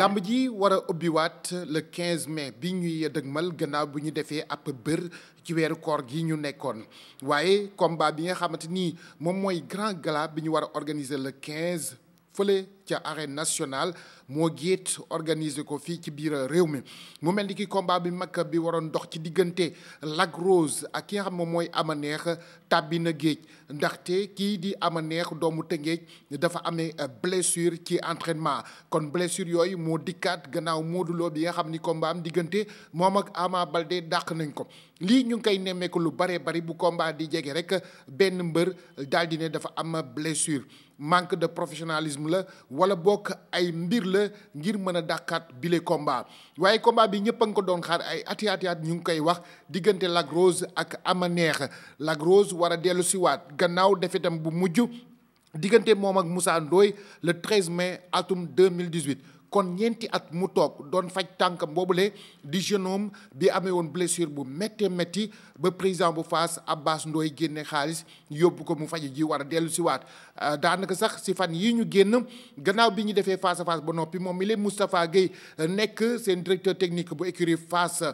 làmb ji war a ubbiwaat le 15 mai bi ñuy mal gannaaw bu ñu defee ab bër ci weeru koor gi ñu nekkoon waaye combat bi nga xamante ni moom mooy grand gala bi ñu war a organiser le 15 fële. ca arène nationale moo géet organiser ko fii ci biir réew mi mu mel ni ki combat bi mag bi waroon dox ci diggante lag Rose ak ki nga xam moom mooy ama Amaneex tàbbi na géej ndaxte kii di Amaneex doomu Tëngéej dafa amee euh, blessure ci entraînement kon blessure yooyu moo dikkaat gannaaw Modou Lo bi nga xam ni combat diggante moom ak Ama dàq nañ ko lii ñu ngi koy nemmeeku lu bare bari bu combat di jege rek benn mbër daal di ne dafa am blessure manque de professionnalisme la wala bokk ay mbir la ngir mën a dàqaat bile combat waaye combat bi ñëpp a nga ko doon xaar ay ati ñu ngi koy wax diggante Lac Rose ak Ama Neex Lac Rose war a dellu siwaat gannaaw defetam bu mujj diggante moom ak Moussa Ndoye le 13 mai atum 2018 kon ñeenti at mu toog doon faj tànkam boobule di jeune homme bi amee woon blessure bu méttee métti ba président bu Fass Abbas Ndoye génne xaalis yóbbu ko mu faj ji war a dellu si waat euh, daanaka sax si fan yi ñu génn gannaaw bi ñu defee face à ba noppi moom mi leen Moustapha Guèye nekk seen directeur technique bu écurie Fass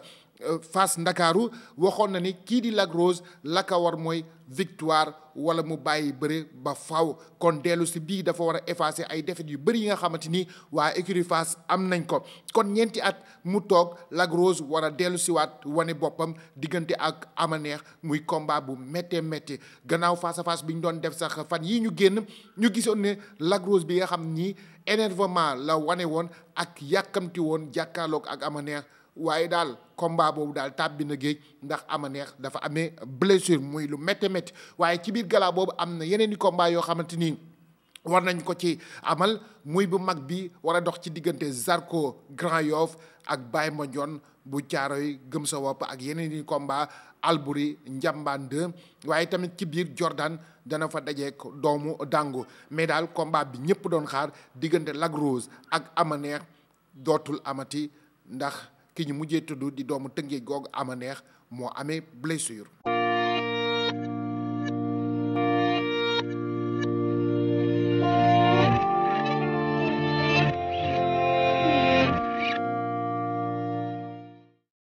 Euh, Fass Ndakaaru waxoon na ni kii di Lac Rose la ko war mooy victoire wala mu bàyyi bëre ba faw kon dellu si bii dafa war a effacer ay défaites yu bëri yi nga xamante ni waa écurie Fass am nañ ko kon ñeenti at mu toog Lac Rose war a dellu siwaat wane boppam diggante ak ama neex muy combat bu méttee méttee gannaaw face à bi ñu doon def sax fan yii ñu génn ñu gisoon ne Lac bi nga xam ni énervement la wane woon ak yàkkamti woon jàkkaarloog ak amaneex waaye daal combat boobu daal tàbbi na géej ndax ama neex dafa amee blessure muy lu métti métti waaye ci biir gala boobu am na yeneen i combat yoo xamante ni war nañ ko ci amal muy bu mag bi war a dox ci diggante Zarko Grand Yoff ak Baye Mandione bu Caaroy gëm sa wopp ak yeneen i komba Albouri Njambaan 2 waaye tamit ci biir jordaan dana fa dajeek doomu dàngu mais daal combat bi ñëpp doon xaar diggante Lac Rose ak ama neex dootul amati ndax ki ñu mujjee tudd di doomu Tëngéej googu ama neex moo amee blessure.